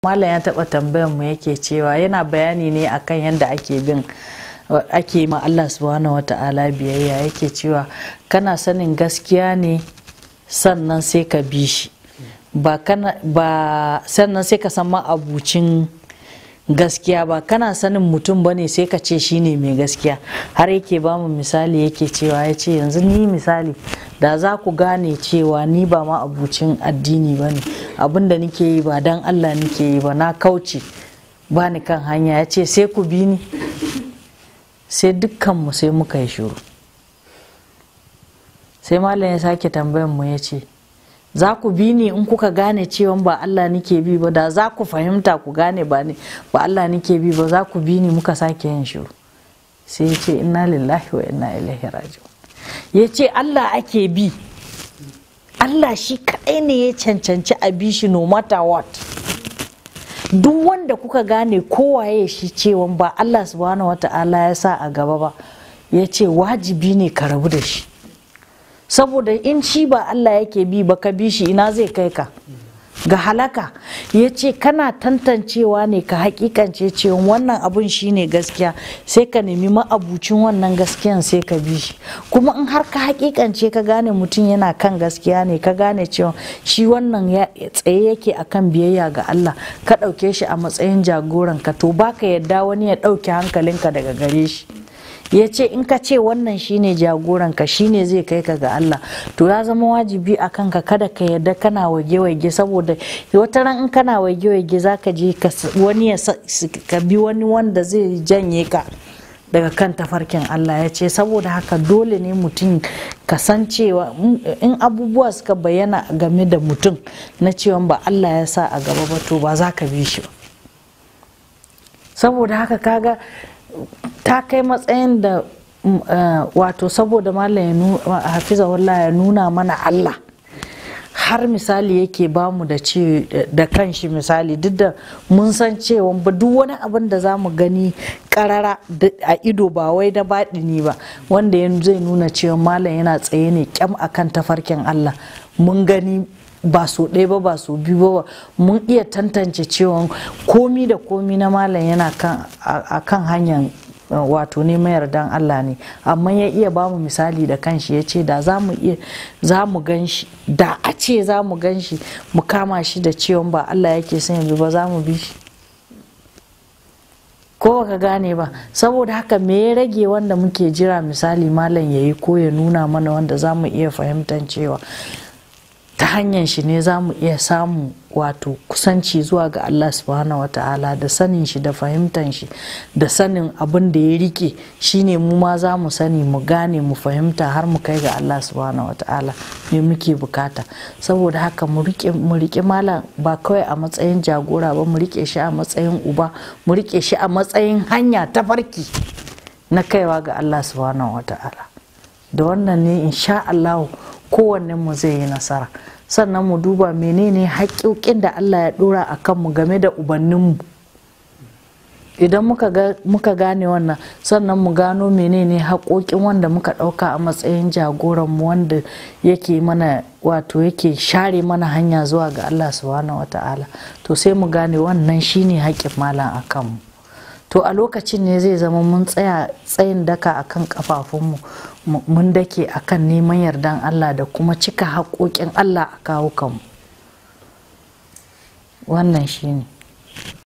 Malam ya taɓa tambayar mu yake cewa yana bayani ne akan yadda ake bin ake ma Allah subhanahu wa ta'ala biyayya yake cewa kana sanin gaskiya ne sannan sai ka bi shi ba sannan sai ka san abucin gaskiya ba kana sanin mutum ba ne sai ka ce shi ne mai gaskiya har yake ba mu misali yake cewa ya ce yanzu ni misali da za ku gane cewa ni ba ma abucin addini ba ne abin da nike yi ba don Allah nike yi ba na kauce ba ni kan hanya ya ce sai ku bi ni sai dukkanmu sai muka yi shuru sai malam ya sake tambayan mu ya ce za ku bi ni in kuka gane cewa ba Allah nike bi ba da za ku fahimta ku gane ba ne ba Allah nike bi ba za ku bi ni muka sake yin shuru sai ya ce inna lillahi wa inna ilaihi raji'un ya ce Allah ake bi Allah shi kaɗai ne ya cancanci a bi shi no matter what duk wanda kuka gane kowaye shi cewa ba Allah subhanahu wata'ala ya sa a gaba ba ya ce wajibi ne ka rabu da shi saboda in shi ba Allah yake bi ba ka bi shi ina zai kai ka ga halaka ya ce kana tantancewa ne ka hakikance ce wannan abun shi ne gaskiya sai ka nemi ma'abucin wannan gaskiyan sai ka bi shi kuma in har ka hakikance ka gane mutum yana kan gaskiya ne ka gane cewa shi wannan ya tsaye yake akan biyayya ga Allah ka ɗauke shi a matsayin jagoranka to baka yadda wani ya ɗauke hankalinka daga gare shi ya ce in ka ce wannan shine jagoranka shine zai kai ka ga Allah to ya zama wajibi a kanka kada ka yarda kana wage-wage saboda wata ran in kana wage-wage za ka je wani ya ka bi wani wanda zai janye ka daga kan tafarkin Allah ya ce saboda haka dole ne mutum kasancewa in abubuwa suka bayyana game da mutum na cewa ba Allah ya sa a gaba ba to ba za ka bi shi ba saboda haka kaga ta kai matsayin da mm, eh, wato saboda malam hafiza wallah ya nuna mana Allah har misali yake bamu da ce da kanshi misali duk da mun san cewa ba duk wani abin da za mu gani karara a ido ba wai da baɗi ne ba wanda ya zai nuna cewa malam yana tsaye ne kyam akan tafarkin Allah mun gani ba so ɗaya ba ba so biyu ba mun iya tantance cewa komi da komi na malam yana a kan hanyar Eh, wato ne mayar dan Allah ne amma ya iya bamu misali da kanshi ya ce da za mu iya za mu gan shi da a ce za mu gan shi mu kama shi da ciwon ba Allah yake son yanzu ba za mu bi shi ko baka gane ba saboda haka me ya rage wanda muke jira misali malam yayi ko ya nuna mana wanda za mu iya fahimtar cewa ta hanyar shi ne za mu iya samu wato kusanci zuwa ga Allah subhanahu ta'ala da sanin shi da fahimtar shi da sanin abin da ya rike shine mu ma za mu sani mu gane mu fahimta har mu kai ga Allah subhanahu ta'ala ne muke bukata saboda haka mu rike malam ba kawai a matsayin jagora ba mu rike shi a matsayin uba mu rike shi a matsayin hanya ta farki na kaiwa ga Allah subhanahu ta'ala da wannan ne insha allahu. kowanne mu zai yi nasara sannan mu duba menene haƙƙoƙin da Allah ya ɗora a kanmu game da ubanninmu idan muka gane wannan sannan mu gano menene haƙoƙin wanda muka ɗauka a matsayin jagoranmu wanda yake mana wato yake share mana hanya zuwa ga Allah subhanahu wata'ala to sai mu gane wannan shine haƙƙin malam a kanmu to a lokacin ne zai zama mun tsaya tsayin daka a kan kafafunmu mun dake akan neman yardan Allah da kuma cika haƙoƙin Allah a kawo kanmu wannan shine